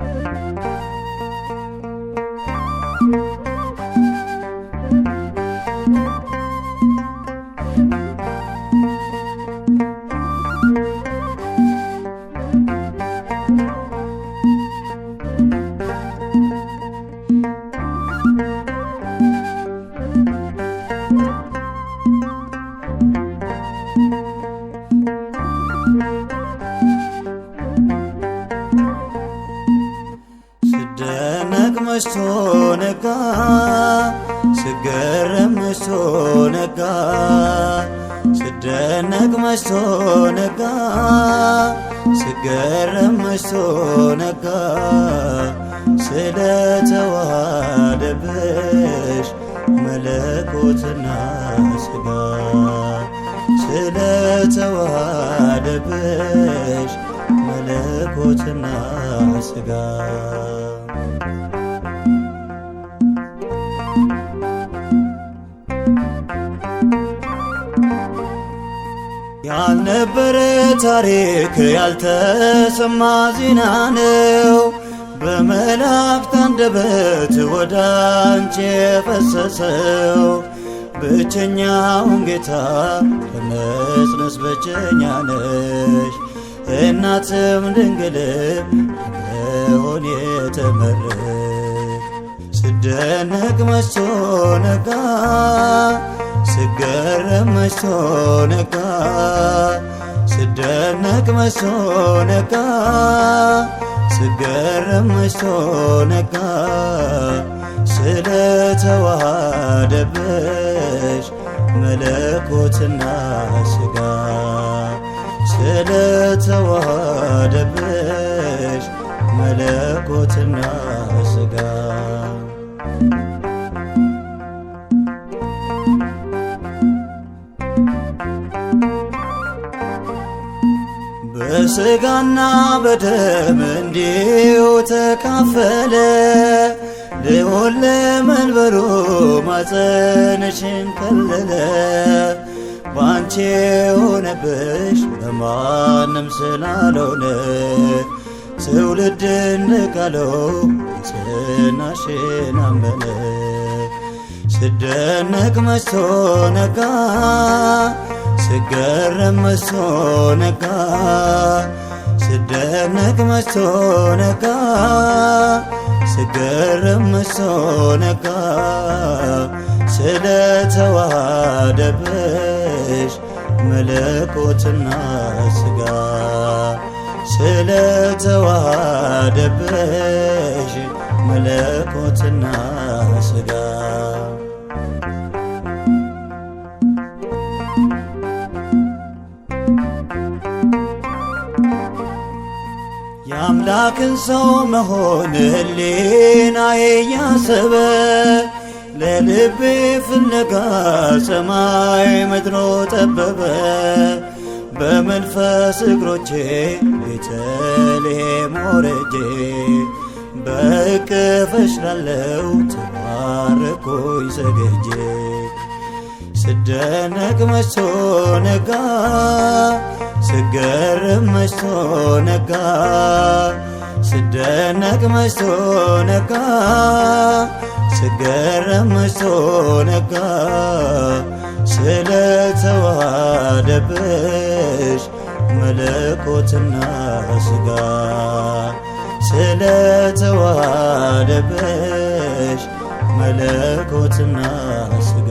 Música ስደነቅ መሽቶ ነጋ፣ ስገረም መሽቶ ነጋ፣ ስደነቅ መሽቶ ነጋ፣ ስገረም መሽቶ ነጋ። ስለተዋደብሽ መለኮትና ስጋ ስለተዋደብሽ መለኮትና ስጋ ያልነበረ ታሪክ ያልተሰማ ዜና ነው በመላእክት አንደበት ወደ አንቺ የፈሰሰው ብቸኛውን ጌታ ለመጽነስ ብቸኛ ነሽ እናትም ድንግልም ለመሆን የተመረ ስደነቅ መሶ ነጋ ስገረም መሽቶ ነጋ፣ ስደነቅ መሽቶ ነጋ፣ ስገረም መሽቶ ነጋ። ስለተዋሃደበሽ መለኮትና ስጋ ስለተዋሃደበሽ መለኮትና ስጋ በስጋና በደም እንዲሁ ተካፈለ ልዑል ለመንበሩ ማፀንሽን ከለለ ባንቺ የሆነብሽ በማንም ስላልሆነ ትውልድ ንቃለው ጽናሽን አመነ ስደነቅ መሽቶ ነጋ ስገረም መሶ ነጋ ስደነቅ መሶ ነጋ ስገረም መሶ ነጋ ስለተዋሃደብሽ መለኮትና ስጋ ስለተዋሃደብሽ መለኮትና የአምላክን ሰው መሆን ህሊናዬ ያሰበ ለልቤ ፍለጋ ሰማይ ምድሮ ጠበበ በመንፈስ እግሮቼ ቤተልሔም ወረጄ በእቅፍሽ ላለው ተባረኩኝ ሰገጄ ስደነቅ መሶ ነጋ ስገርም መሽቶ ነጋ፣ ስደነቅ መሽቶ ነጋ፣ ስገረም መሽቶ ነጋ። ስለተዋሃደብሽ መለኮትና ስጋ ስለተዋሃደብሽ መለኮትና ስጋ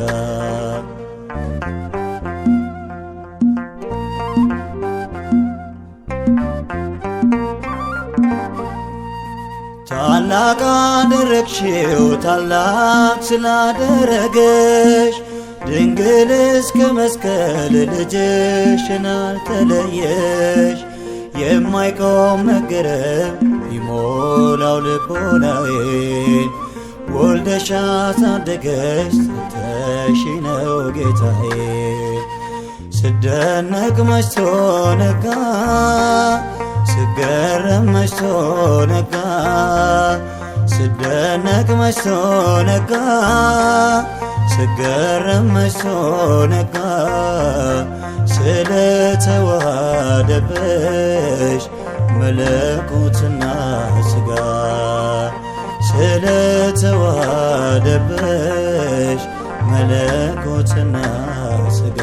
ታላቅ አደረግሽው ታላቅ ስላደረገሽ ድንግል እስከ መስቀል ልጅሽን አልተለየሽ። የማይቆም መገረም ይሞላው ልቦናዬን ወልደሽ አሳደገሽ ሰተሽ ነው ጌታዬ ስደነቅ መች ነጋ ስገረም መሽቶ ነጋ፣ ስደነቅ መሽቶ ነጋ፣ ስገረም መሽቶ ነጋ። ስለተዋሃደብሽ መለኮትና ስጋ ስለተዋሃደብሽ መለኮትና ስጋ